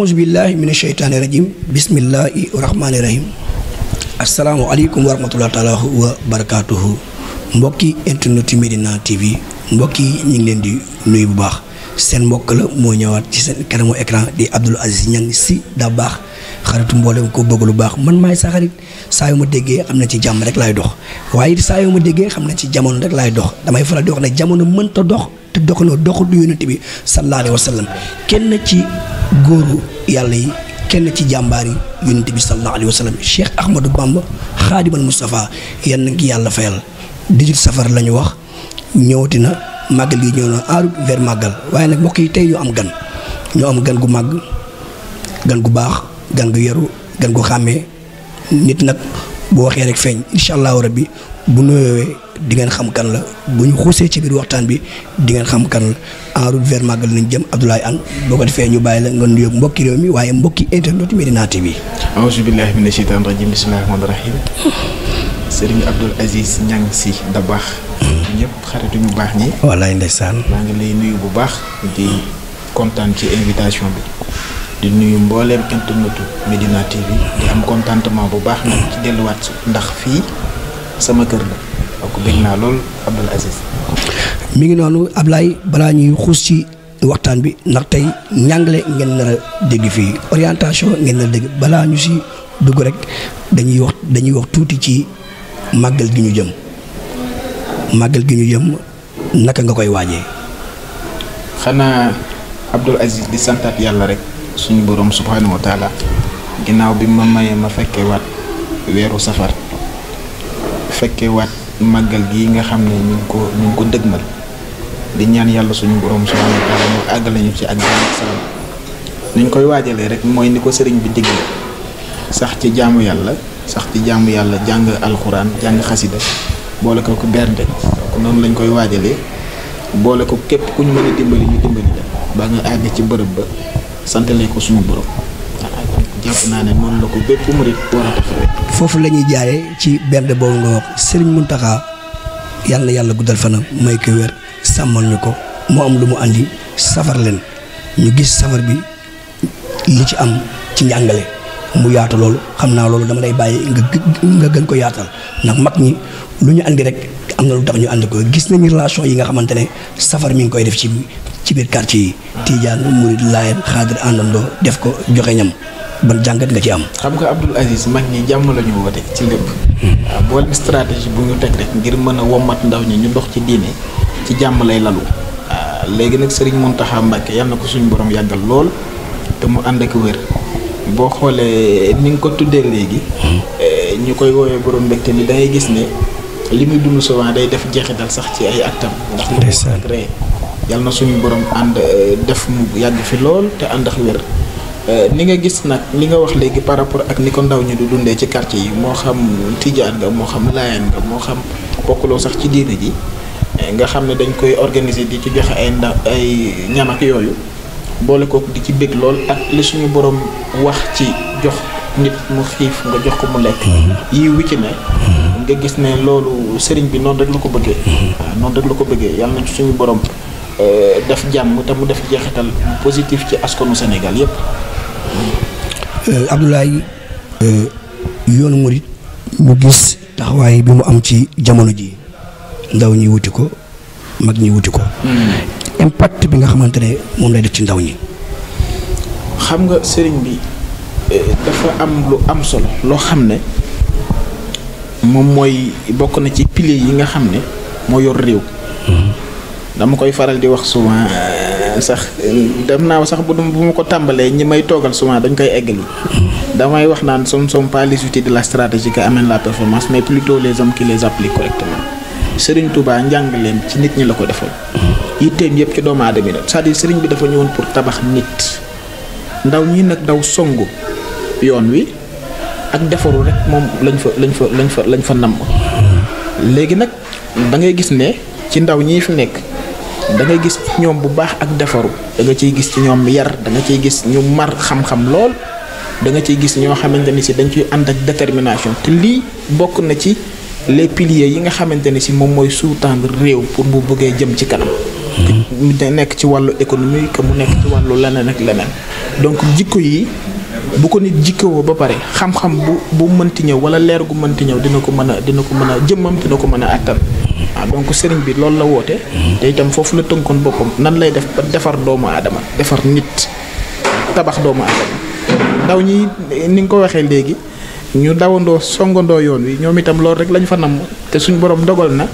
aouzu billahi min asheytaani rajim bismillahi rahmaani rahim asalaamualeykum wa rahmatullahi taala wa barakaatuhu mbokki internet yu Medina TV ñu ngi leen di nuyu bu baax seen mbokk la moo ñëwaat ci seen kanamu écran di Abdoul Aziz Niang Sy Dabakh xaritu mboole ko bëgg lu baax man maay sa xarit saa yu ma déggee xam na ci jàmm rek laay dox waaye saa yu ma déggee xam na ci jamono rek laay dox damay faral di wax ne jamono mënta dox te doxaloo doxul du yonent bi sallallahu alayhi kenn ci góoru yàlla yi kenn ci jàmbaar yi yonent bi sallallahu alayhi wa sallam Cheikh Ahmadou Bamba xaadimal Moustapha yan ngi yàlla fayal digit safar la wax ñëwati na màgg gi ñëw na en route màggal waaye nag mbokk yi tey ñu am gan ñoo am gan gu màgg gan gu baax gan gu yaru gan gu xàmmee nit nag boo waxee rek feeñ incha allahu rabbi bu nuyoowee di ngeen xam kan la bu ñu xuusee ci biir waxtaan bi di ngeen xam kan la en route vers Magal nañ jëm Abdoulaye Anne boo ko defee ñu bàyyi la nga nuyoog mbokki réew mi waaye mbokki internet Medina TV. auzu billaahi mina sheytaani rajiim bismillaahi rahmaani rahiim. Serigne Abdoul Aziz Niang Sy Dabakh. ñëpp xaritu ñu baax ñi. wallaay ndeysaan. maa ngi lay nuyu bu baax. di kontaan ci invitation bi. di nuyu mbooleem internetu Medina TV. di am contentement bu baax nag ci delluwaat ndax fii. sama kër la donc bëgg naa lool Abdoul mi ngi noonu Ablaye balaa ñuy xuus ci waxtaan bi ndax tey ñàngale ngeen nar a dégg fii orientation ngeen nar a dégg balaa ñu si dugg rek dañuy wax dañuy wax tuuti ci màggal gi ñu jëm màggal gi ñu jëm naka nga koy waaje xanaa Abdoul Aziz di santaat yàlla rek suñu boroom subhanahu wa ginnaaw bi ma mayee ma fekkee waat weeru safar. fekkee waat màggal gi nga xam ne ñu ngi ko ñu ko dëgmal di ñaan yàlla suñu borom subhanahu wa mu àggale ñu ci ak jàmm ak ñu koy waajalee rek mooy ni ko sëriñ bi digle sax ci jaamu yàlla sax ci jaamu yàlla jàng alxuraan jàng xasida boole ko ku bernde donc noonu lañ koy waajalee boole ko képp ku ñu mën a dimbali ñu dimbali la ba nga àgg ci bërëb ba santale ko suñu boroom jàpp ne noonu la ko foofu lañuy ñuy ci benn boobu nga wax Serigne Mountakha yàlla na yàlla guddal fanam may ko wér sàmmal ñu ko mu am lu mu àndi safar leen ñu gis safar bi li ci am ci njàngale mu yaatu loolu xam naa loolu dama lay bàyyi nga nga gën ko yaatal ndax mag ñi lu ñu andi rek am na lu tax ñu andi ko gis nañu relation yi nga xamante ne safar mi ngi koy def ci ci biir quartier yi. Tidiane Mouride Layen xaadir àndandoo def ko joxe ñam jàngat nga ci am. xam nga Abdoul Aziz mag ñi jàmm la ñu woote ci lépp. waaw boole stratégie bu ñu teg rek ngir mën a wommat ndaw ñi ñu dox ci diine ci jàmm lay lalu. waaw léegi nag sëriñ Serigne Mountakha Mbacké yal na ko suñu borom yàggal lool te mu ànd ak wér boo xoolee ni nga ko tuddee léegi. Eh, ñu koy woowee borom mbégte ni da ngay gis ne li muy dund souvent day def jeexital sax ci ay actam. yal na suñu borom ànd euh, def mu yàgg fi lool te ànd ak wér euh, ni nga gis nag li nga wax léegi par rapport ak ni ko ndaw ñi du dundee ci quartier yi moo xam tijaan nga moo xam laayaan nga moo xam bokkuloo sax ci diine ji euh, nga xam ne dañ koy organiser di ci joxe ay ndaw ay ñam ak yooyu boole ko di ci bëgg lool ak li suñu borom wax ci jox nit mu xiif nga jox ko mu lekk. Mm-hmm. yii wu ci ne. Mm-hmm. nga gis ne loolu sëriñ bi noonu rek la ko bëggee. waaw mm-hmm. noonu rek la ko bëggee yàlla ci suñu borom. Euh, def jàmm te mu def jeexital positif ci askanu senegal yépp euh, Abdoulaye euh, yoonu murit ñu gis taxawaay bi mu am ci jamono ji ndaw ñi wuti ko mag ñi wuti ko hmm. impact bi nga xamante ne moom lay def ci ndaw ñi xam nga sëriñ bi dafa am lu am solo loo xam ne moom mooy bokk na ci pilier yi nga xam ne moo yor réew dama koy faral di wax souvent euh, sax dem naa sax bu bu ma ko tàmbalee ñi may toogal souvent dañ koy eggali damay wax naan ce ne sont pas les de la stratégie qui amènent la performance mais plutôt les hommes qui les appliquent correctement Serigne njàng leen ci nit ñi la ko defal yitteem yëpp ci doomu aadama yi la cest à bi dafa ñëwoon pour tabax nit ndaw ñi nag daw songu yoon wi ak defaru rek moom lañ fa lañ fa lañ fa lañ fa namm léegi nag da ngay gis ne ci ndaw ñi fi nekk. da ngay gis ñoom bu baax ak defaru da nga ciy gis ci ñoom yar da nga ciy gis ñu mar xam-xam lool da nga ciy gis ñoo xamante ni si dañ ciy ànd ak détermination te lii bokk na ci les piliers yi nga xamante ni si moom mooy sous-tendre réew pour bu bëggee jëm ci kanam. mu mm-hmm. nekk ci wàllu économie que mu nekk ci wàllu leneen ak leneen donc jikko yi. bu ko nit jikkawoo ba pare xam-xam bu bu mënti ñëw wala leer gu mënti ñëw dina ko mën a dina ko mën a jëmmam dina ko mën a àttan Ah, donc sëriñ bi loolu la woote. te itam foofu la tënkoon boppam nan lay def ba defar doomu aadama defar nit tabax doomu aadama ndaw ñi ni nga ko waxee léegi ñu dawandoo songandoo yoon wi ñoom itam loolu rek lañu fa nam te suñu borom dogal na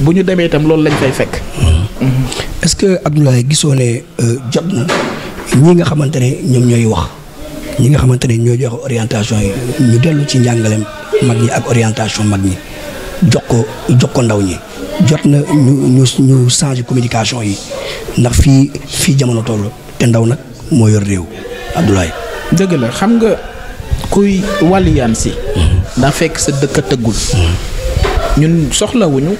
bu ñu demee itam loolu lañ fay fekk. est-ce que Abdoulaye gisoo ne euh, jot na ñi nga xamante ne ñoom ñooy wax ñi nga xamante ne ñoo joxe orientation yi ñu dellu ci njàngaleem mag ñi ak orientation mag ñi jox ko jox ko ndaw ñi. jot na ñu ñu ñu changer communication yi ndax fii fii jamono toll te ndaw nag moo yor réew Abdoulaye. dëgg la xam nga kuy wàlliyaan si. Mm-hmm. daa fekk sa dëkk a tëggul. Mm-hmm. ñun soxlawuñu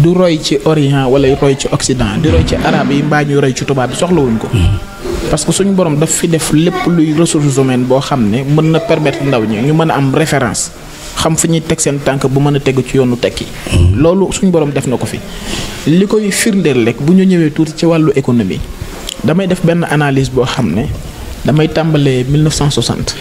du roy ci Orient wala roy ci Occident di roy ci araab yi mbaa ñuy roy ci tubaab bi soxlawuñ ko. Mm-hmm. parce que suñu borom daf fi def lépp luy ressources humaines boo xam ne mën na permettre ndaw ñi ñu mën a am référence. xam fi ñuy teg seen tànk bu mën a teg ci yoonu tekki. loolu suñ borom def na ko fi. li koy firndeel lekk bu ñu ñëwee tuuti ci wàllu économie damay def benn analyse boo xam ne damay tàmbalee 1960.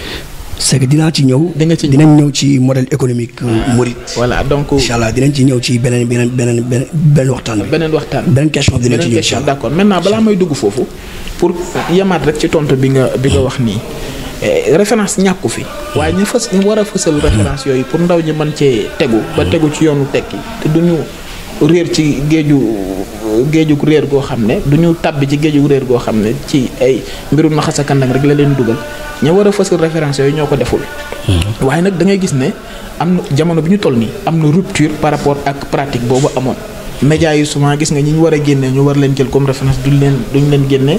c'est que dinaa ci ñëw. di nga ci ñëw ci modèle économique euh, Mouride. voilà donc incha allah dinañ ci ñëw ci beneen beneen beneen beneen waxtaan bi. beneen waxtaan beneen question bi dinañ ci ñëw. d' accord maintenant balaa may dugg foofu pour yemaat rek ci tontu bi nga bi nga wax nii. Eh, référence ñàkku fi waaye ñu fës ñu war a fësal référence yooyu pour ndaw ñi man cee tegu ba tegu ci yoonu tekki te duñu réer ci géeju géejug réer goo xam ne du ñu tàbbi ci géejug réer goo xam ne ci ay mbirum na xasakandang rek la leen dugal ña war a fësal référence yooyu ñoo ko deful mm-hmm. waaye nag da ngay gis ne am na jamono bi ñu toll nii am na rupture par rapport ak pratique boobu amoon médias yi souvent gis nga ñi ñu war a génne ñu war leen jël comme référence duñ leen duñ leen génne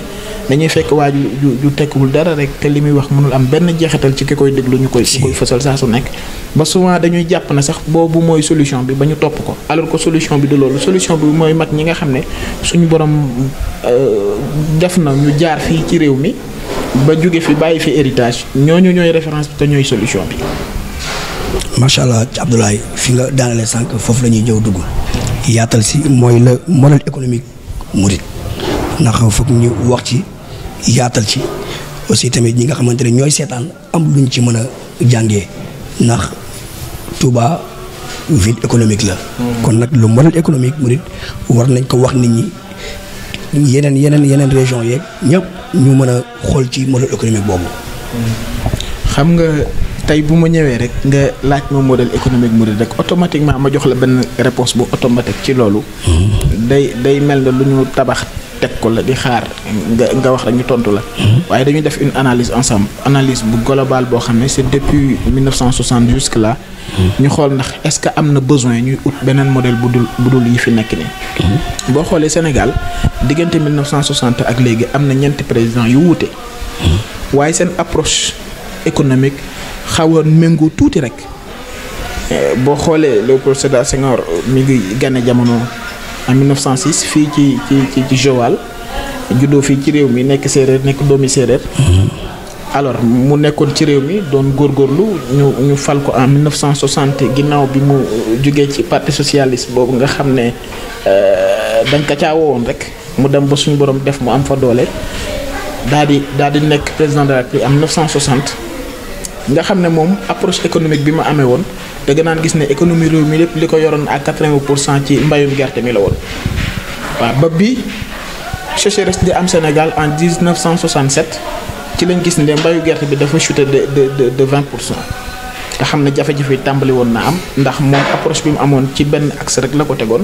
dañuy fekk waa ju ju tekkiwul dara rek te li muy wax mënul am benn jeexital ci ki koy déglu ñu koy. ñu koy fësal saa su nekk. ba souvent dañuy jàpp na sax boobu mooy solution bi ba ñu topp ko alors que solution bi de loolu solution bi mooy mag ñi nga xam ne suñu borom euh, def na ñu jaar fii ci réew mi ba jóge fi bàyyi fi héritage ñooñu ñooy référence bi te ñooy solution bi. macha allah Abdoulaye fii nga daanalee sànq foofu la ñuy ñëw dugg. yaatal si mooy le modèle économique murit ndax foog ñu wax ci yaatal ci aussi tamit ñi nga xamante ne ñooy seetaan am luñ ci mën a jàngee ndax Touba ville économique la. Hmm. kon nag le modèle économique murit war nañ ko wax nit ñi. yeneen yeneen yeneen région yeeg ñëpp ñu mën a xool ci modèle économique boobu. Hmm. tey bu ma ñëwee rek nga laaj moo modèle économique mu rek automatiquement ma jox la benn réponse bu automatique ci loolu. Mm-hmm. day day mel na lu ñu tabax teg ko la di xaar nga nga wax rek ñu tontu la. Mm-hmm. waaye dañuy def une analyse ensemble analise bu globale boo xam ne c'est depuis 1960 jusque là. Mm-hmm. ñu xool ndax est-ce que am na besoin ñuy ut beneen modèle bu dul bu dul yi fi nekk nii. boo xoolee Sénégal diggante 1960 ak léegi am na ñeenti président yu wuute. waaye seen approche. économique xaw a méngoo tuuti rek eh, boo xoolee Léopold Sédar Senghor euh, mi ngi gane jamono am 1906 fii ci ci ci Joal juddoo fii ci réew mi nekk séeréer nekk doomi séeréer. Mm-hmm. alors mu nekkoon ci réew mi doon góor góorlu ñu fal ko en 1960 ginnaaw bi mu jógee ci parti socialiste boobu nga xam ne euh, dañ ko caa rek mu dem ba suñu borom def mu am fa doole daal di daal di nekk président de la République en nga xam ne moom approche économique bi ma amee woon da nga naan gis ne économie réew mi lépp li ko yoroon ak pour cent ci mbayum gerte mi la woon waaw ba bi sécheresse di am Sénégal en 1967 ci lañ gis ne mbayu gerte bi dafa chuté de de de 20 pour cent nga xam ne jafe-jafe tàmbali woon na am ndax moom approche bi mu amoon ci benn axe rek la ko tegoon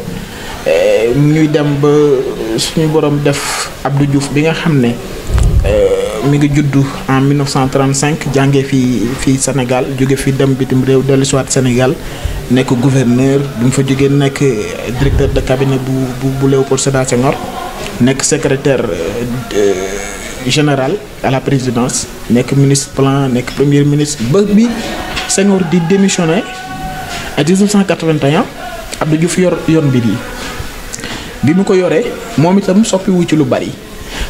eh, ñuy dem ba suñu borom def Abdou Diouf bi nga xam ne. Euh, mu ngi juddu en 1935 jàngee fii fii Sénégal jóge fi dem bitim réew dellu si waat Sénégal nekk gouverneur bi mu fa jógee nekk directeur de cabinet bu bu bu Léopold Sédar Senghor nekk secrétaire euh, euh, général à la présidence nekk ministre plan nekk premier ministre ba bi Senghor di démissionné à 1981 Abdou Diouf yor yoon mbir yi bi mu ko yoree moom itam soppiwu ci lu bari.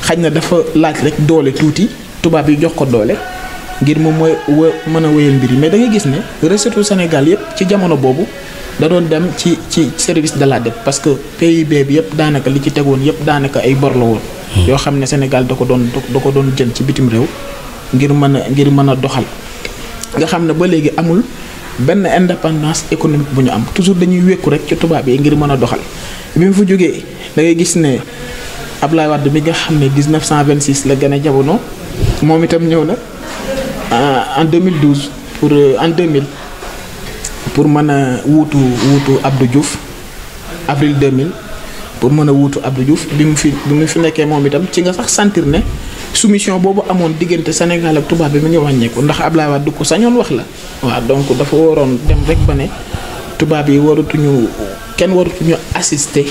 xaj na dafa laaj rek doole tuuti tubaab yi jox ko doole ngir moom mooy wo mën a wéyal mbir yi mais da gis ne recette Sénégal yëpp ci jamono boobu da doon dem ci ci service de la dette parce que PIB bi yëpp daanaka li ci tegoon yëpp daanaka ay bor woon. Hmm. yoo xam ne Sénégal da ko doon da ko doon jël ci bitim réew ngir mën a ngir mën a doxal nga xam ne ba léegi amul. benn indépendance économique bu ñu am toujours dañuy wékku rek ci tubaab yi ngir mën a doxal bi Ablaye Wade bi nga xam ne 1926 la gën a jamono moom itam ñëw na euh, en 2012 pour euh, en 2000 pour mën a wuutu wuutu Abdou Diouf avril 2000 pour mën a wutu Abdou Diouf bi mu fi bi mu fi nekkee moom itam ci nga sax santir ne soumission boobu amoon diggante Sénégal ak tubaab bi mu ngi wàññeeku ndax Ablaye Wade du ko sañoon wax la. waa donc dafa waroon dem rek ba ne tubaab yi waratuñu kenn waratuñu assisté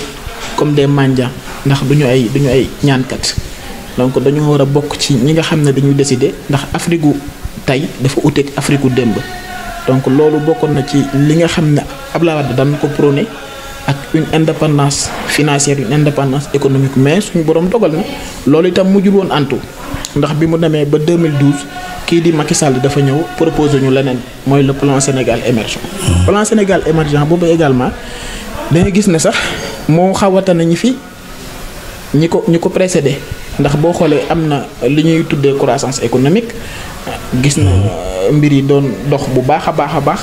comme des mendiants ndax du ay du ay ñaankat donc dañu war a bokk ci ñi nga xam ne dañuy décider ndax Afrique gu tey dafa ute Afrique gu démb donc loolu bokkoon na ci li nga xam ne ab Abdoulaye Wade daan ko prôné ak une indépendance financière une indépendance économique mais suñu borom dogal na loolu itam mu mujjul woon antu ndax bi mu demee ba 2012 kii di Macky Sall dafa ñëw proposé ñu leneen mooy le plan Sénégal émergent hmm. plan Sénégal émergent boobu également dañu gis ne sax. moo xawata nañu fi ñi ko ñi ko précédé ndax boo xoolee am na li ñuy tuddee croissance économique gis na euh, mbir yi doon dox bu baax a baax a baax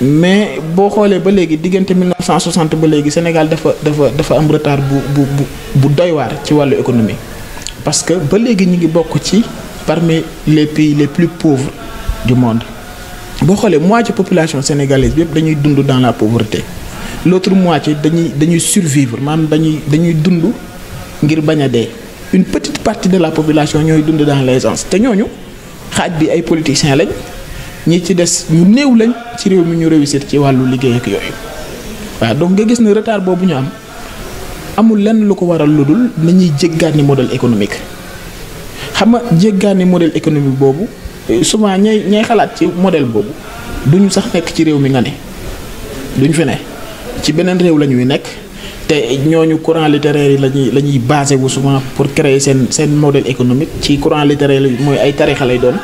mais boo xoolee ba léegi diggante 1960 ba léegi Sénégal dafa dafa dafa am retard bu bu bu bu doy ci wàllu économie parce que ba léegi ñu ngi bokk ci parmi les pays les plus pauvres du monde boo xoolee ci population sénégalaise bi yëpp dañuy dund dans la pauvreté. l'autre moitié dañuy dañuy survivre maanaam dañuy dañuy dund ngir bañ a dee une petite partie de la population ñooy dund dans l'aisance te ñooñu xaaj bi ay politiciens lañ ñi ci des ñu néew lañ ci réew mi ñu réussir ci wàllu liggéey ak yooyu waaw donc nga gis ne retard boobu ñu am amul lenn lu ko waral lu dul nañuy jéggaani modèle économique xam nga jéggaani modèle économique boobu euh, souvent ñay ñay xalaat ci modèle boobu duñu sax nekk ci réew mi nga ne duñu fi ci beneen réew la ñuy nekk te ñooñu courant littéraire yi la ñuy la ñuy basé wu souvent pour créer seen seen modèle économique ci courant littéraire yi mooy ay tarixa lay doon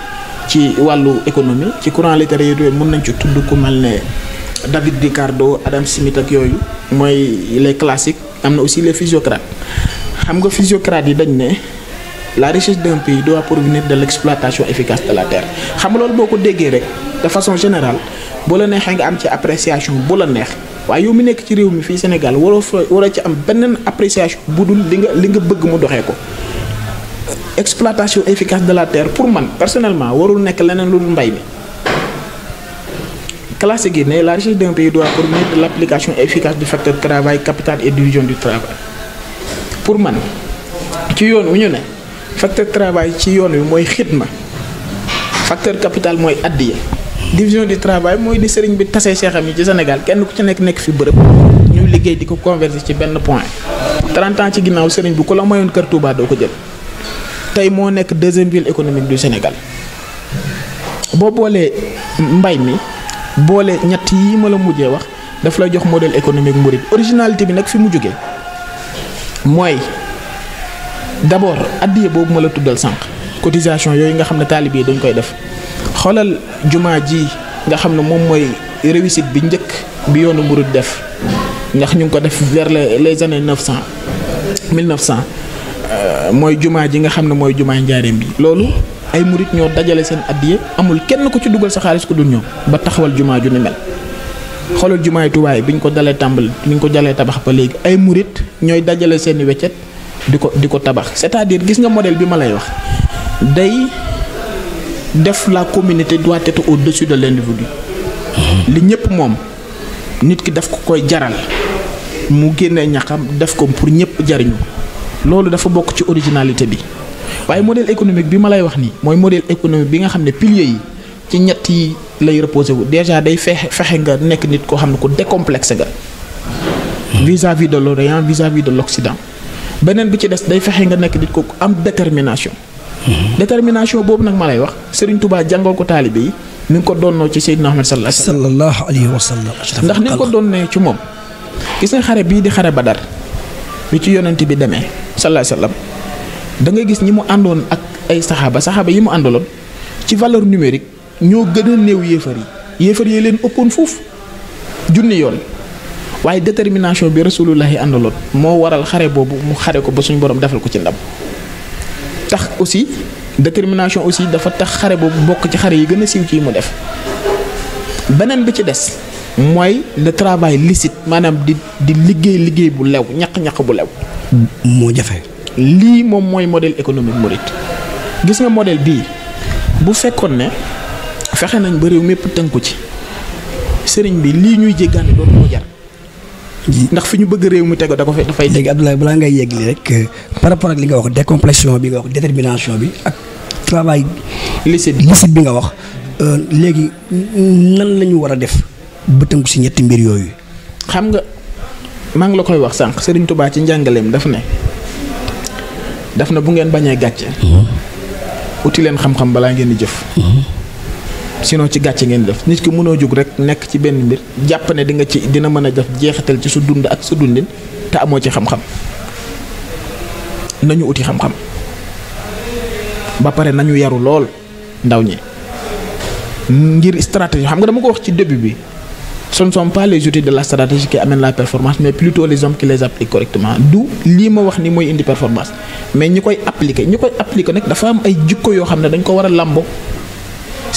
ci wàllu économie ci courant littéraire yooyu mën nañ ci tudd ku mel ne David Ricardo Adam Smith ak yooyu mooy les classiques am na aussi les physiocrates xam nga physiocrates yi dañ ne la richesse d'un pays pour provenir de l'exploitation efficace de la terre xam nga loolu boo ko déggee rek de façon générale bu la neexee nga am ci appréciation bu la neex waaye yow mi nekk ci réew mi fii Sénégal waroo fa waroo ci am beneen appréciation bu dul li nga li nga bëgg mu doxee ko exploitation efficace de la terre pour man personnellement warul nekk leneen lu dul mbay mi classe gi ne la richesse d'un pays doit provenir de l'application efficace du facteur travail capital et division du travail pour man ci yoon wu ñu ne facteur travail ci yoon wi mooy xitma facteur capital mooy addiya division du travail mooy di sëriñ bi tasee seexam yi ci Sénégal kenn ku ci nekk nekk fi bërëb ñu liggéey di ko converger ci benn point 30 ci ginnaaw sëriñ bi ku la mayoon kër Touba doo ko jël tey moo nekk deuxième ville économique du senegal boo boolee mbay mi boole ñett yi ma la mujjee wax daf lay jox modèle économique murid originalité bi nag fi mu jógee mooy d'abord addiya boobu ma la tuddal sànq cotisation yooyu nga xam ne taalibe yi dañ koy def. xoolal jumaa ji nga xam ne moom mooy réussite bi njëkk bi yoonu murid def ndax ñu ngi ko def vers les années neuf cent mille neuf euh, mooy jumaa ji nga xam ne mooy jumaa njaareem bi loolu ay murid ñoo dajale seen addiya amul kenn ku ci dugal sa xaalis ku dul ñoom ba taxawal jumaa ju ni mel xoolal jumaay tubaay bi ñu ko dalee tàmbali bi ñu ko dalee tabax ba léegi ay murid ñooy dajale seeni weccet di ko di ko tabax c'est-à-dire gis nga modèle bi ma lay wax def la communauté doit être au-dessus de l'individu li ñëpp moom nit ki daf ko koy jaral mu génnee ñaxam def ko pour ñëpp jariñu loolu dafa bokk ci originalité bi waaye modèle économique bi ma lay wax nii mooy modèle économique bi nga xam ne pilier yi ci ñett yi lay reposé wu déjà day fexe fexe nga nekk nit koo xam ne ko décomplexé nga vis-à-vis de l'Orient vis-à-vis de l'Occident beneen bi ci des day fexe nga nekk nit ko am détermination détermination boobu nag ma lay wax sëriñ Touba jàngal ko taalibe yi mi ngi ko doonnoo ci Seydina Ahmed sallallahu alayhi wa sallam ndax ni nga ko doonnee ci moom gis nga xare bii di xare dar bi ci yonent bi demee sallallahu alayhi gis ñi mu àndoon ak ay saxaaba saxaaba yi mu àndaloon ci valeur numérique ñoo gën a néew yéefar yi yéefar yi leen ëppoon foofu junni yoon waaye détermination bi rasulullahi àndaloon moo waral xare boobu mu xare ko ba suñu borom defal ko ci ndam tax aussi détermination aussi dafa tax xare boobu bokk ci xare yi gën a siiw ci mu def beneen bi ci des mooy le travail licite maanaam di di liggéey liggéey bu lew ñaq-ñaq bu lew. moo jafe. lii moom mooy modèle économique mouride gis nga modèle bii bu fekkoon ne fexe nañ ba réew mépp tënku ci sëriñ bi lii ñuy jéggaane doon moo jar. ndax fi ñu bëgg réew mi tego da ko fay dafay. léegi Abdoulaye balaa ngay yegg li rek euh, par rapport ak li nga wax décomplexion bi nga wax détermination bi ak travail. lisit licite bi nga wax. Euh, léegi nan lañu war a def ba tënku si ñetti mbir yooyu. xam nga maa ngi la koy wax sànq Serigne Touba ci njàngaleem daf ne daf na bu ngeen bañee gàcce. uti leen xam-xam balaa ngeen di jëf. sinon ci gàcce ngeen def nit ki mënoo jóg rek nekk ci benn mbir jàpp ne di ci dina mën a def jeexital ci su dund ak su dundin te amoo ci xam-xam nañu uti xam-xam ba pare nañu yaru lool ndaw ñi ngir stratégie xam nga dama ko wax ci début bi ce ne sont pas de la stratégie qui amènent la performance mais plutôt les hommes qui les appliquent correctement du lii ma wax ni mooy indi performance mais ñi koy appliquer ñi koy appliquer nag dafa am ay jukko yoo xam ne dañ ko war a làmbo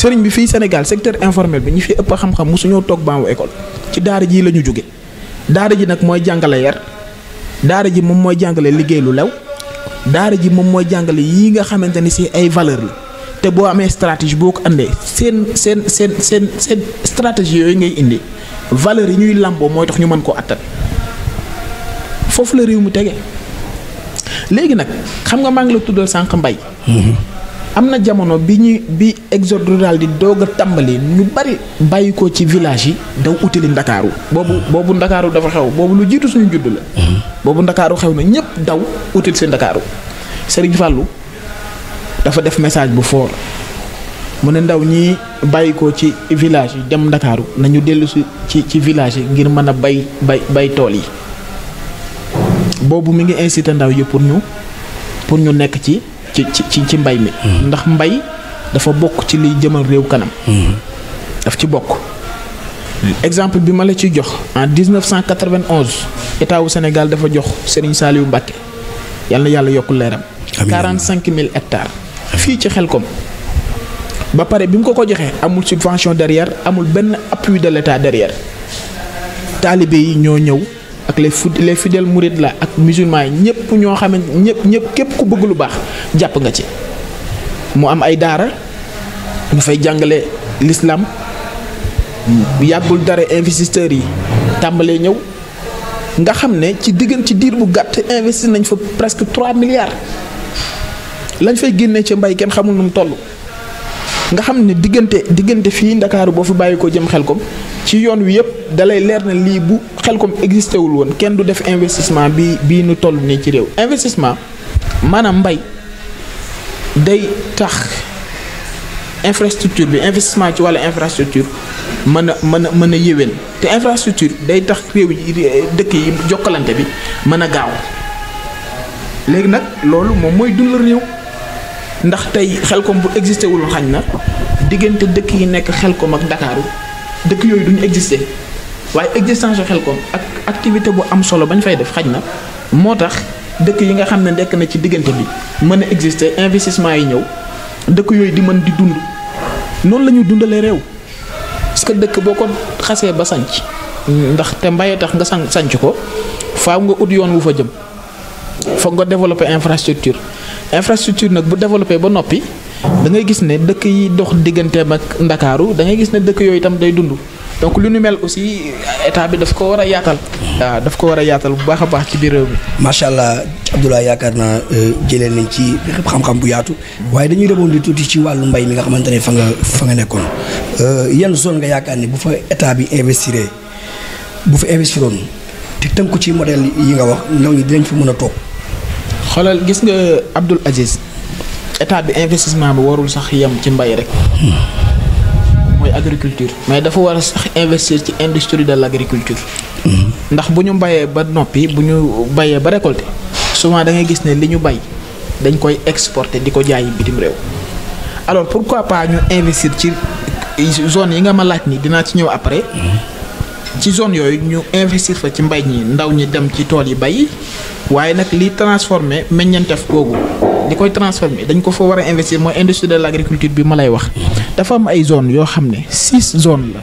sëriñ bi fii Sénégal secteur informel bi ñu fi ëpp xam-xam suñoo toog baamu école ci daara jii la ñu jóge daara ji nag mooy jàngale yar daara ji moom mooy jàngale liggéey lu lew daara ji moom mooy jàngale yi nga xamante ni si ay valeur la te boo amee stratégie boo ko àndee seen seen seen seen seen stratégie yooyu ngay indi valeur yi ñuy làmboo mooy tax ñu man ko attan foofu la réew mi tege léegi nag xam nga maa ngi la tuddal sànq mbay mm-hmm. am na jamono bi ñuy bi exode rural di dogga tàmbali ñu bari bàyyi ko ci village yi daw utali ndakaaru boobu boobu ndakaaru dafa xew boobu lu jiitu suñu judd la mm-hmm. boobu ndakaaru xew na ñépp daw utali seen ndakaaru Serigne dafa def message bu fort mu ne ndaw ñi bàyyi ko ci village yi dem ndakaaru nañu dellu si ci ci village yi ngir mën a bay bay bay tool yi boobu mu ngi incité ndaw yi pour ñu pour ñu nekk ci ci ci ci mbay mi. Hmm. ndax mbay dafa bokk ci liy jëmal réew kanam. Hmm. daf ci bokk. exemple bi ma la ci jox en 1991 état wu Sénégal dafa jox Serigne Saliou Mbacké yal na yàlla yokk leeram. amiin 45000 hectares. fii ci Xelkom. ba pare bi mu ko ko joxee amul subvention derrière amul benn appui de l' état derrière. taalibe yi ñoo ñëw. ak les les fidèles mourides la ak musulman yi ñëpp ñoo xamante ñëpp ñëpp képp ku bëgg lu baax jàpp nga ci mu am ay daara mu fay jàngale l'islam yàggul dara investisseurs yi tàmbalee ñëw nga xam ne ci diggante ci diir bu gàtt investi nañ fa presque 3 milliards lañ fay génnee ca mbay kenn xamul nu mu toll. nga xam ne diggante diggante fii ndakaaru boo fi bàyyi ko jëm xelkom ci yoon wi yëpp dalay leer na lii bu xelkom existé wul woon kenn du def investissement bi bii nu toll nii ci réew investissement maanaam mbay day tax infrastructure bi investissement ci wàllu infrastructure mën a mën a mën a yéwén te infrastructure day tax réew yi dëkk yi jokkalante bi mën a gaaw léegi nag loolu moom mooy dundal réew ndax tey xelkom bu existé wul xañ na diggante dëkk yi nekk xelkom ak ndakaaru dëkk yooyu duñu existé waaye existence su xelkom ak activité bu am solo bañ fay def xaj na moo tax dëkk yi nga xam ne nekk na ci diggante bi mën a existé investissement yi ñëw dëkk yooyu di mën di dund noonu la ñu dundalee réew parce que dëkk boo ko xasee ba sanc ndax te mbayee tax nga san sanc ko faaw nga ut yoon wu fa jëm foog nga développer infrastructure infrastructure nag bu développé ba noppi da ngay gis ne dëkk yi dox digganteem ak ndakaaru da ngay gis ne dëkk yooyu itam day dund donc lu nu mel aussi état bi daf ko war a yaatal. waaw daf ko war a yaatal bu baax a baax ci biir réew mi. macha allah Abdoulaye yaakaar naa euh, jëlee nañ ci xam-xam bu yaatu. waaye dañuy rebondir tuuti ci wàllu mbay mi nga xamante ne fa nga fa nga nekkoon euh, yan zone nga yaakaar ne bu fa état bi investiré bu fa investiroon te tënku ci modèle yi nga wax ñooñu dinañ fi mën a toog. xoolal gis nga Abdoul Aziz état bi investissement bi warul sax yem ci mbay rek mooy agriculture mais dafa war a sax investir ci industrie de l' agriculture ndax bu ñu mbayee ba noppi bu ñu bayee ba récolter souvent da ngay gis ne li ñu bay dañ koy exporter di ko jaayi bitim réew alors pourquoi pas ñu investir ci zone yi nga ma laaj ni dinaa ci ñëw après ci zone yooyu ñu investir fa ci mbay ñi ndaw ñi dem ci tool yi bay waaye nag li transformé meññeentef googu li koy transformé dañ ko fa war investir mooy industrie de l' agriculture bi ma lay wax dafa am ay zone yoo xam ne six zone la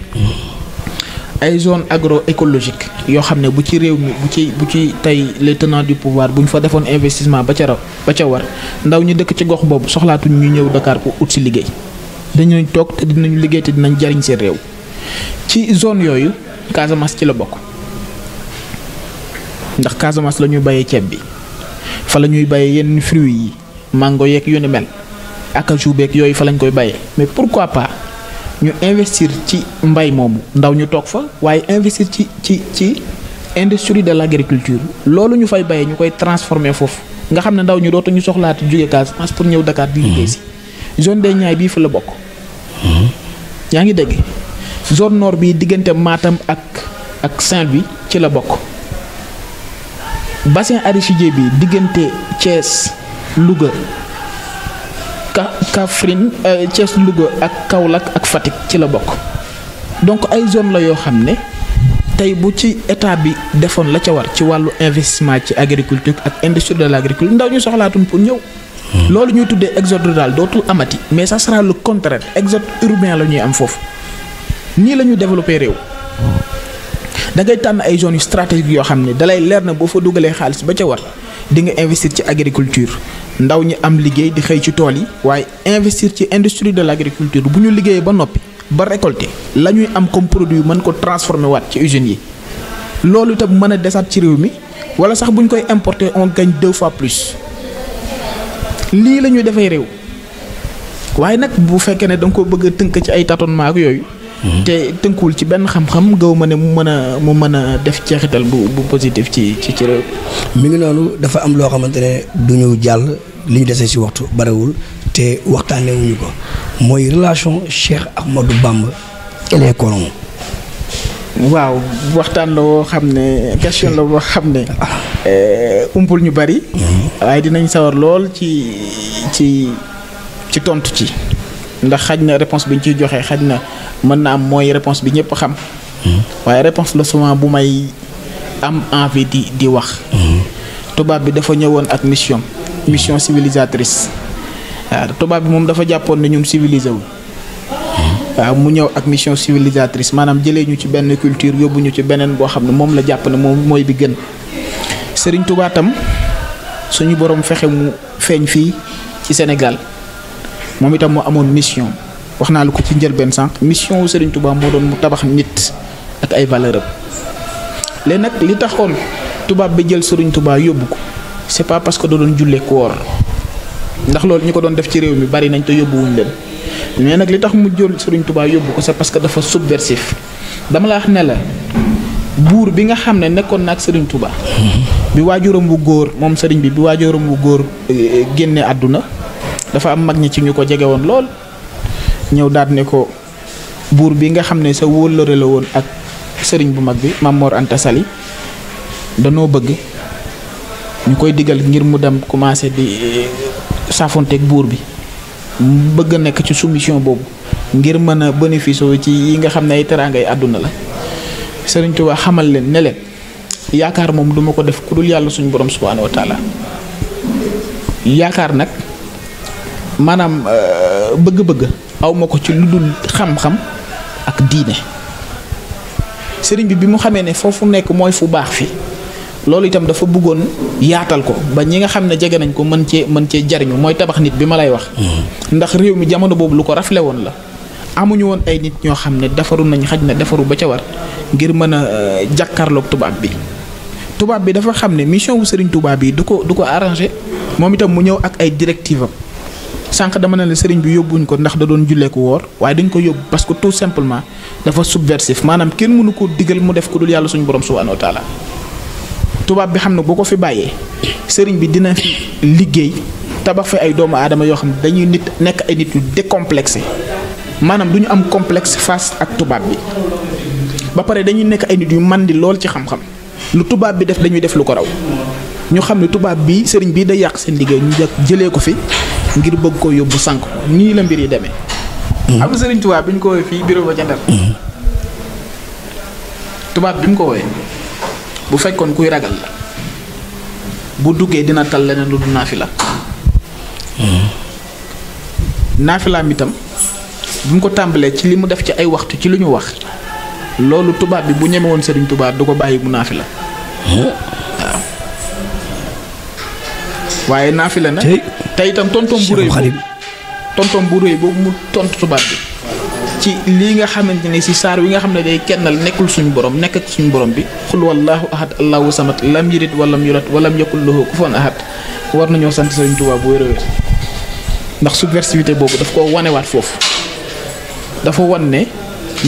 ay zone écologique yoo xam ne bu ci réew mi bu ci bu ci tey les tenants du pouvoir bu ñu fa defoon investissement ba ca raw ca war ndaw ñu dëkk ci gox boobu soxlaatu ñu ñëw Dakar pour ut si liggéey dañuy toog te dinañu liggéey dinañ jariñ seen réew ci zone yooyu Casamance ci la bokk ndax Casamance la ñuy bayee ceeb bi fa la ñuy bayee yenn fruits yi mango yeeg yu ni ak acajou beeg yooyu fa lañ koy bayee mais pourquoi pas ñu investir ci mbay moomu ndaw ñu toog fa waaye investir ci ci ci industrie de l'agriculture loolu ñu fay bayee ñu koy transformer foofu nga xam ne ndaw ñu dootu ñu soxlaati jóge Casamance pour ñëw Dakar di liggéey si zone des Niayes bii fa la bokk yaa ngi dégg zone nord bi diggante maatam ak ak Saint-Louis ci la bokk bassin arachidier bi diggante cees Louga ka Kaffrine euh, Thiès Louga ak kawlak ak Fatick ci la bokk donc ay zone la yoo xam ne tey bu ci état bi defoon la ca war ci wàllu investissement ci agriculture ak industrie de l' agriculture ndaw ñu soxlaatun pour ñëw. Hmm. loolu ñuy tuddee exode rural dootul amati mais ça sera le contraire exode urbain la ñuy am foofu. nii la ñu développé réew. da tànn ay zones yu stratégiques yoo xam ne dalay leer na boo fa dugalee xaalis ba ca war di nga investir ci agriculture ndaw ñi am liggéey di xëy ci tool yi waaye investir ci industrie de l' agriculture bu ñu liggéeyee ba noppi ba récolter la ñuy am comme produit mën ko transformer waat ci usines yi. loolu itam mën a desaat ci réew mi wala sax bu ñu koy importer on gagne deux fois plus lii la ñuy defee réew waaye nag bu fekkee ne da nga bëgg tënk ci ay tâtonnement yooyu. te tënkuwul ci benn xam-xam gaw ma ne mu mën a mu mën a def ceexital bu bu positif ci ci ci réew mi ngi noonu dafa am loo xamante ne du ñu jàll li ñu desee si waxtu barewul te waxtaanee wuñu ko mooy relation Cheikh Ahmadou Bamba et waaw waxtaan la woo xam ne question la boo xam ne eh, umpul ñu bari. Mm-hmm. waaye dinañ sawar lool ci ci ci tontu ci. ndax xaj na réponse bi ñu ciy joxe xaj na mën na am mooy réponse bi ñëpp xam. waaye réponse la souvent bu may am envie di di wax. tubaab bi dafa ñëwoon ak mission mission civilisatrice waaw tubaab bi moom dafa jàppoon ne ñun civilisé wu. waaw mu ñëw ak mission civilisatrice maanaam jëlee ñu ci benn culture yóbbu ñu ci beneen boo xam ne moom la jàpp ne moom mooy bi gën. sëriñ Touba tam suñu borom fexe mu feeñ fii ci Sénégal. moom itam moo amoon mission wax naa la ko ci njëlbeen sànq mission wu Serigne Touba moo doon mu tabax nit ak ay valeur am léegi nag li taxoon tubaab bi jël Serigne Touba yóbbu ko c'est pas parce que da doon jullee koor ndax loolu ñu ko doon def ci réew mi bari nañ te yóbbuwuñ leen mais nag li tax mu jël Serigne Touba yóbbu ko c'est parce que dafa subversif dama la wax ne la buur bi nga xam ne nekkoon na ak Serigne Touba. bi waajuram wu góor moom Serigne bi bi waajuram wu góor eh, eh, génne àdduna. dafa am mag ñi ci ñu ko jege woon lool ñëw daat ne ko buur bi nga xam ne sa wóllëre la woon ak sëriñ bu mag bi Mamor Anta Sali danoo bëgg ñu koy digal ngir mu dem commencé di eh, saafonteeg buur bi mu bëgg a nekk ci soumission boobu ngir mën a bénéfice ci yi nga xam ne ay teraangay àdduna la sëriñ Tuubaa xamal leen ne leen yaakaar moom duma ko def ku dul yàlla suñu borom subhaanahu wa yaakaar nag. maanaam euh, bëgg-bëgg awma ko ci lu dul xam-xam ak diine sëriñ bi bi mu xamee ne foofu nekk mooy fu baax fi loolu itam dafa bëggoon yaatal ko ba ñi nga xam ne jege nañ ko mën cee mën cee jariñu mooy tabax nit bi ma lay wax mm-hmm. ndax réew mi jamono boobu lu ko rafle woon la amuñu woon ay nit ñoo xam ne defaru nañ xaj na defaru ba ca war ngir mën a euh, jàkkaarloog tubaab bi tubaab bi dafa xam ne mission wu sëriñ tubaab yi du ko du ko arrangé moom itam mu ñëw ak ay directive am sànq dama ne la sëriñ bi yóbbuñ ko ndax da doon jullee ko woor waaye dañ ko yóbbu parce que tout simplement dafa subversif maanaam kenn mënu ko digal mu def ko dul yàlla suñu borom subhaanahu wa taala tubaab bi xam ne boo ko fi bàyyee sëriñ bi dina fi liggéey tabax fi ay doomu aadama yoo xam ne dañuy nit nekk ay nit yu décomplexé maanaam du ñu am complexe face ak tubaab bi ba pare dañuy nekk ay nit yu màndi lool ci xam-xam lu tubaab bi def dañuy def lu ko raw ñu xam ne tubaab bi sëriñ bi day yàq seen liggéey ñu jëlee ko fi ngir bëgg ko yóbbu sànq ko nii la mbir yi demee. Hmm. am na Serigne bi ñu ko woowee fii bureau hmm. tubaab bi ko woowee bu fekkoon kuy ragal la bu duggee dina tal leneen lu du naafi hmm. naafilaam itam bi mu ko tàmbalee ci li mu def ci ay waxtu ci lu ñu wax loolu tubaab bi bu ñeme sëriñ Serigne du ko bàyyi mu naafila. waaw waaye naafila na. tey itam tontoom bu rëy boobu tontoom bu rëy boobu mu tontu tubaab bi. ci lii nga xamante ni si saar wi nga xam ne day kennal nekkul suñu borom nekk suñu borom bi xul wallaahu ahad allahu samad lam yirit walam yulat walam yakul lahu kufuwan ahad war nañoo sant Sëriñ Tuubaa bu wér a wér ndax boobu daf ko waat foofu dafa wan ne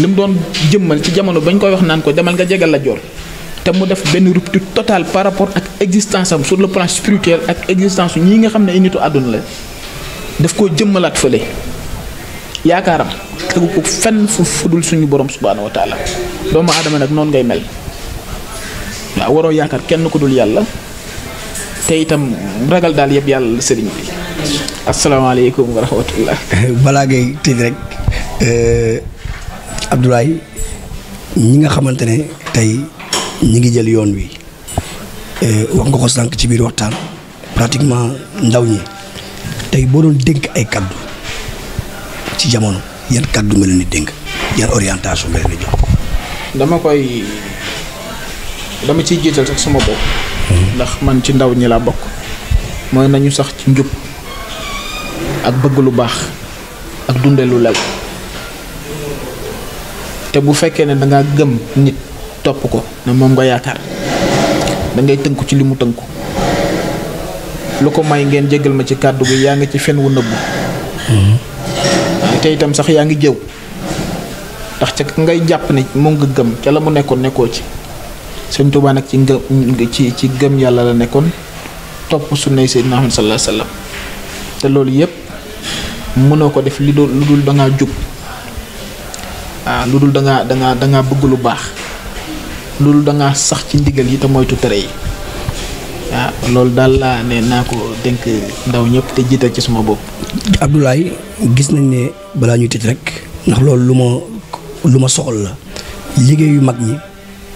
li mu doon jëmmal ci jamono bañ ko wax naan ko demal nga jegal la joor te mu def benn rupture totale par rapport ak existence am sur le plan spirituel ak existence ñi nga xam ne ay nitu àdduna la daf koo jëmmalaat fële yaakaaram tegu ko fenn fu fudul suñu borom subhaanahu wa taala doomu aadama nag noonu ngay mel waaw waroo yaakaar kenn ko dul yàlla te itam ragal daal yëpp yàlla la sëriñ bi asalaamaaleykum wa rahmatullah balaa ngay tëj rek euh, Abdoulaye ñi nga xamante ne tey. ñi ngi jël yoon wi eh, wax nga ko sànq ci biir waxtaan pratiquement ndaw ñi tey boo doon dénk ay kàddu ci jamono yan kaddu nga leen dénk yan orientation nga dama koy dama ciy jiital sax suma bopp. Hmm. ndax man ci ndaw ñi laa bokk. mooy nañu sax ci njub ak bëgg lu baax ak dunde lu lew te bu fekkee ne danga gëm nit. topp ko ne moom nga yaakaar da tënku ci li mu tënku lu ko may ngeen jégal ma ci kàddu gi yaa ngi ci fen wu nëbbu te itam sax yaa ngi jëw ndax ca ngay jàpp ne mu nga gëm ca la mu nekkoon nekkoo ci sëñ Tuubaa nag ci ngëm ci ci gëm yàlla la nekkoon topp sunnay Seydina Muhammad sallallahu alayhi wa sallam te loolu yépp mënoo ko def li dul lu dul dangaa jub waaw lu dul dangaa dangaa dangaa bëgg lu baax loolu da sax ci ndigal yi te moytu tere yi ah, loolu daal laa ne naa ko dénk ndaw ñëpp te jiital ci suma bopp. Abdoulaye gis nañ ne balaa ñuy tëj rek ndax loolu lu ma lu ma soxal la liggéey yu mag ñi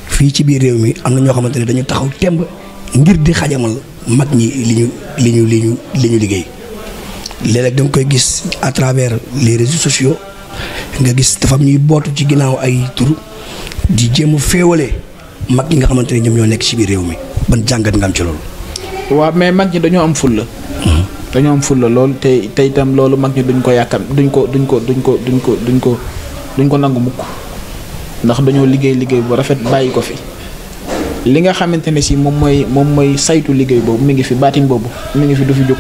fii ci biir réew mi am na ñoo xamante ne dañu taxaw temb ngir di xajamal mag ñi li ñu li ñu li ñu li ñu liggéey léeg-léeg da koy gis à travers les réseaux sociaux nga gis dafa ñuy bootu ci ginnaaw ay tur di jéem a féewale mag yi nga xamante ne ñoom ñoo nekk ci biir réew mi ban jàngat nga am ci loolu. waaw mais mag ñi dañoo am fulla hmm. dañoo am fulla loolu te te itam loolu mag ñi duñ ko yàkkam duñ ko duñ ko duñ ko duñ ko duñ ko duñ ko nangu mukk ndax dañoo liggéey liggéey bu rafet bàyyi ko fi li nga xamante ne si moom mooy moom mooy saytu liggéey boobu mi ngi fi baatin boobu mi ngi fi du fi jóg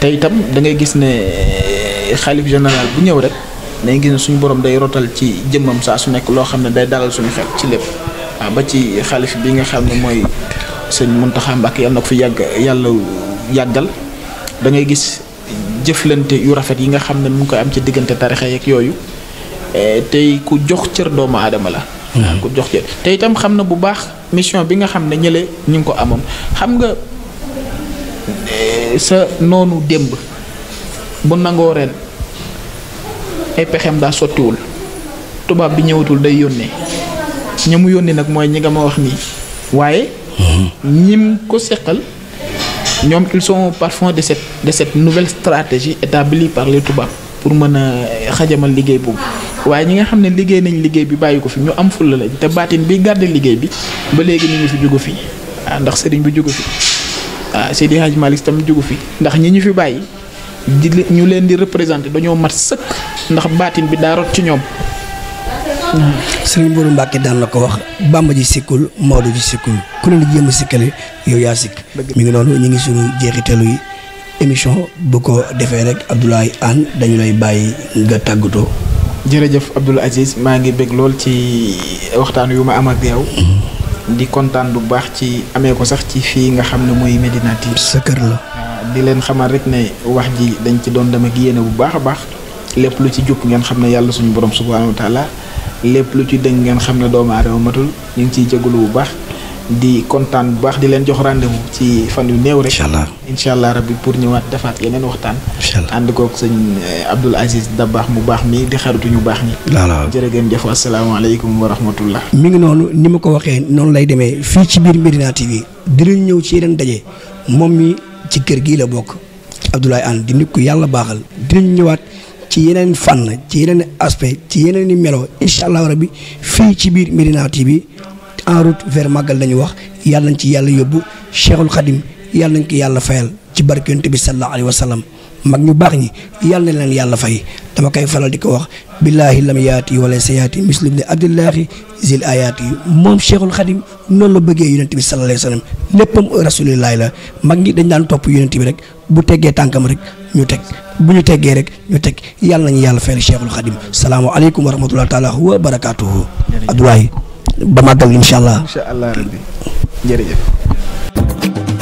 te itam da ngay gis ne eh, xalif général bu ñëw rek da ngay gis ne suñu borom day rotal ci jëmmam saa su nekk loo xam ne day dalal suñu xel ci lépp. Ah, ba ci xalif bi nga xam ne mooy sëñ Muntaxa Mbàkke yàlla ko fi yàgg yàlla yàggal da ngay gis jëflante yu rafet yi nga xam ne mu ngi koy am ci diggante tarixa yeeg yooyu eh, tey ku jox cër doomu aadama la. Hmm. ku jox cër itam xam na bu baax mission bi nga xam ne ñële ñu ngi ko amoon xam nga eh, sa noonu démb bu nangoo ren ay pexem daa sottiwul tubaab bi ñëwatul day yónnee. ña mu yónni nag mooy ñi nga ma wax nii waaye ñim ko seqal ñoom ils sont parfond de set de set nouvelle stratégie établie par les tubaab pour mën a xajamal liggéey boobu waaye ñi nga xam ne liggéey nañ liggéey bi bàyyi ko fi ñu am fulla te baatin bi gàdd liggéey bi ba léegi ñu ngi fi jugo fi ah ndax sëriñ bi jugu fi waa Seydi Hadj Malick tam jugu fi ndax ñi ñu fi bàyyi di ñu leen di représenter dañoo mat sëkk ndax baatin bi daa rot ci ñoom suñu Bourou Mbacke daan la ko wax Bamba ji sikkul Maodo ji sikkul ku ne la jéem a sikkale yow yaa sikk mi ngi noonu ñu ngi suñu jeexitalu émission bu ko defee rek Abdoulaye Anne dañu lay bàyyi nga tàggatoo. jërëjëf Abdoul Aziz maa ngi bég lool ci waxtaan yu ma am ak yow. Mm-hmm. di kontaan bu baax ci amee ko sax ci fii nga xam ne mooy Médina sa kër la. Ah, di leen xamal rek ne wax ji dañ ci doon dem ak yéene bu baax a baax lépp lu ci jub ngeen xam ne yàlla suñu borom subhaanahu wa taala lépp lu ci dëng ngeen xam ne doomu aadama matul ñu ngi ciy jégalu bu baax di kontaan bu baax di leen jox rendez-vous ci fan yu néew rek. incha allah incha allah rabbi pour ñëwaat defaat yeneen waxtaan. incha allah ànd koog sëñ eh, Abdoul Aziz Dabakh mu baax mi di xaritu ñu baax ñi. waaw jërë ngeen jëf asalaamaaleykum wa rahmatullah. mi ngi noonu ni ma ko waxee noonu lay demee fii ci biir Medina TV dinañ ñëw ci yeneen daje moom mi ci kër gi la bokk Abdoulaye Anne di nit ko yàlla baaxal dinañ ñëwaat. ci yeneen fànn ci yeneen aspect ci yeneen i melo incha allah rabbi fii ci biir Médina bi en route vers Magal lañu wax yàlla nañ ci yàlla yóbbu Cheikhul Khadim yàlla nañ ki yàlla fayal ci barkante bi sallallahu alayhi wa sallam mag ñu baax ñi yàlla na leen yàlla fay dama koy faral di ko wax billaahi lam yaati wala sa yaati muslim ne abdillahi zil ayaati moom cheikhul xadim noonu la bëggee yonent bi sallallahu alayhi wa sallam léppam rasulillahi la mag ñi dañ daan topp yonent bi rek bu teggee tànkam rek ñu teg bu ñu teggee rek ñu teg yàlla nañu yàlla fayal cheikhul xadim salaamu aleykum wa rahmatullahi taala wa barakaatuhu Abdoulaye ba màggal incha allah incha allah rabbi jërëjëf